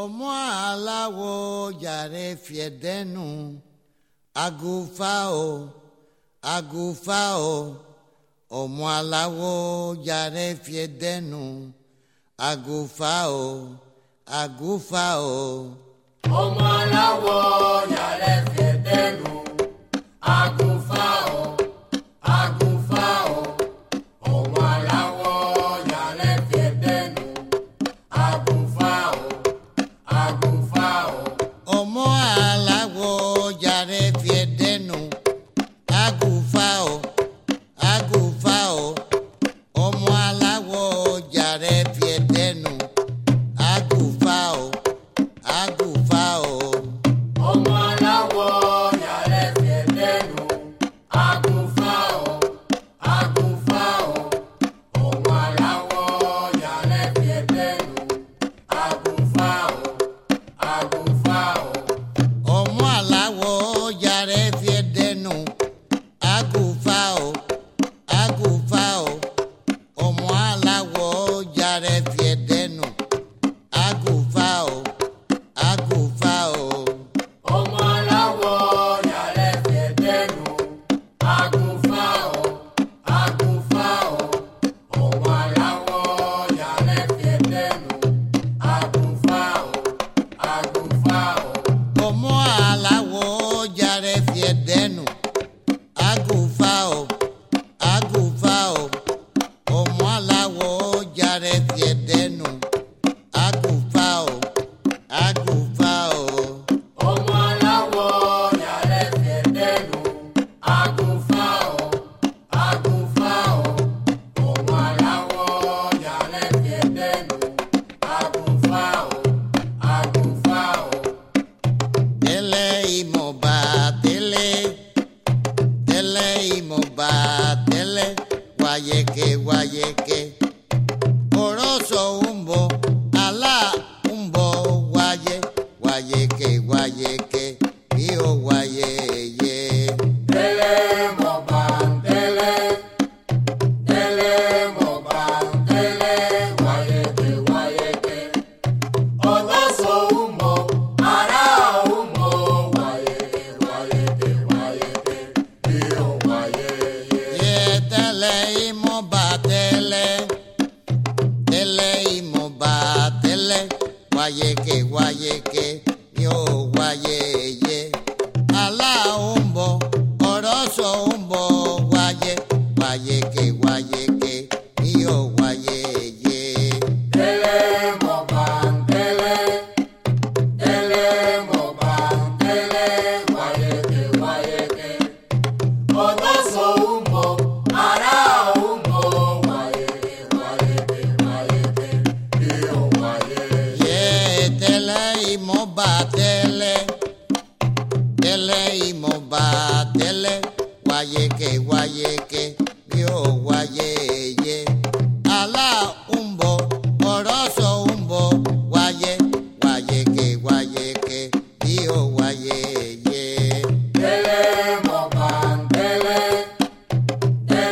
ọmọ aláwọ̀ yàrá fìdẹ́nu agufa o agufa o ọmọ aláwọ̀ yàrá fìdẹ́nu agufa o agufa o. ọmọ aláwọ̀ yàrá fìdẹ́nu agufa o. guayeque, guayeque, guaye, ye. mío guaye, ye. guayeque, guayeque yeah.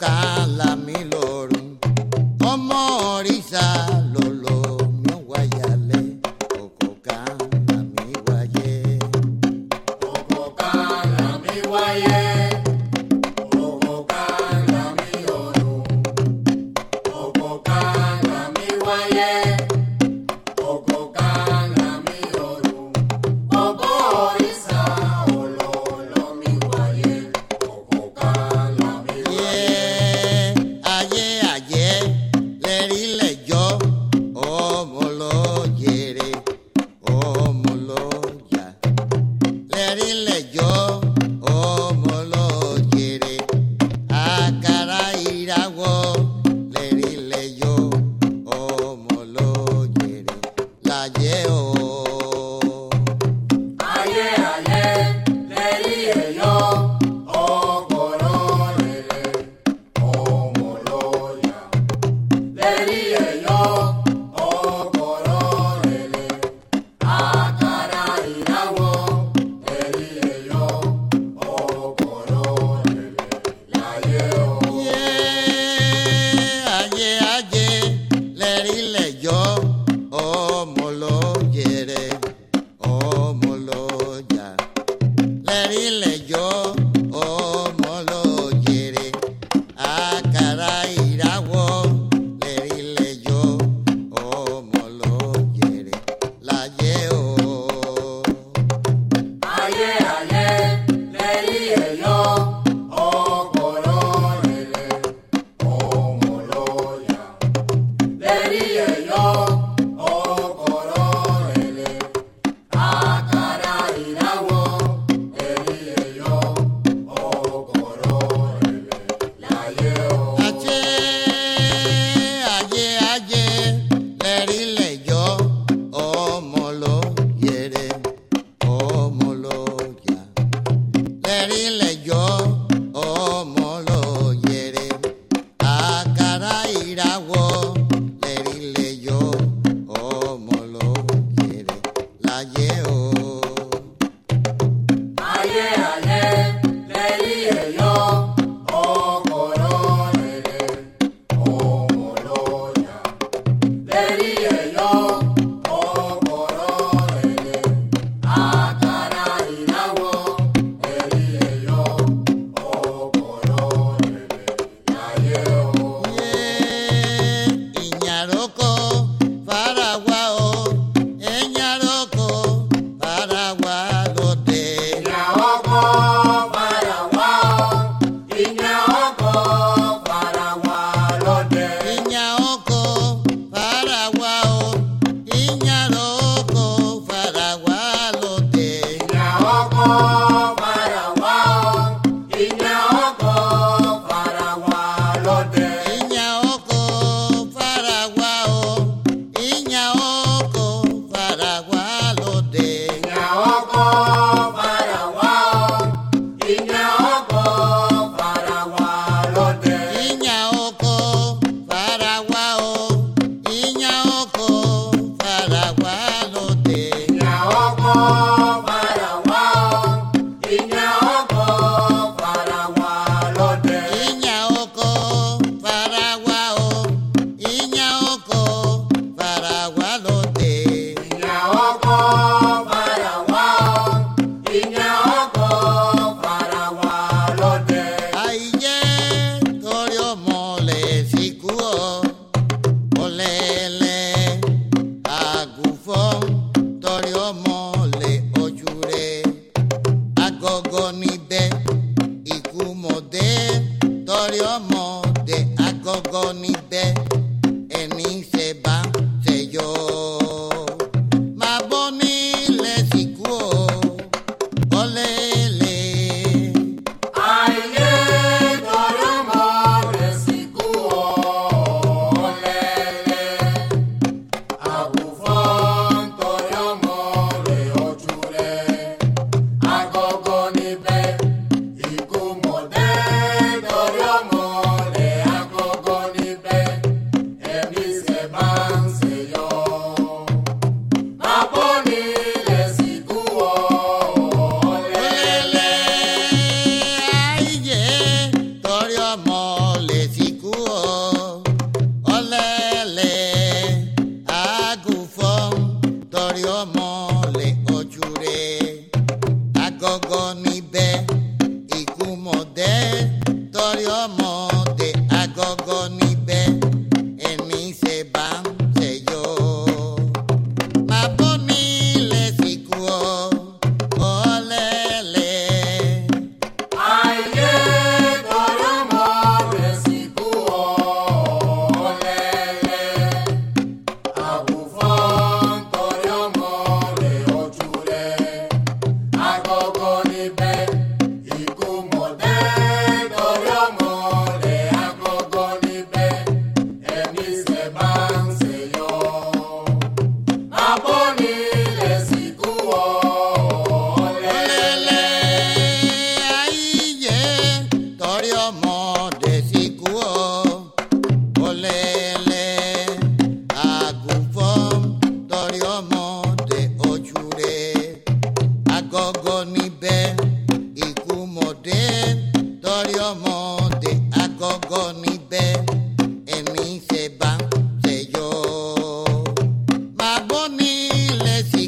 Calamilo Oh. Let's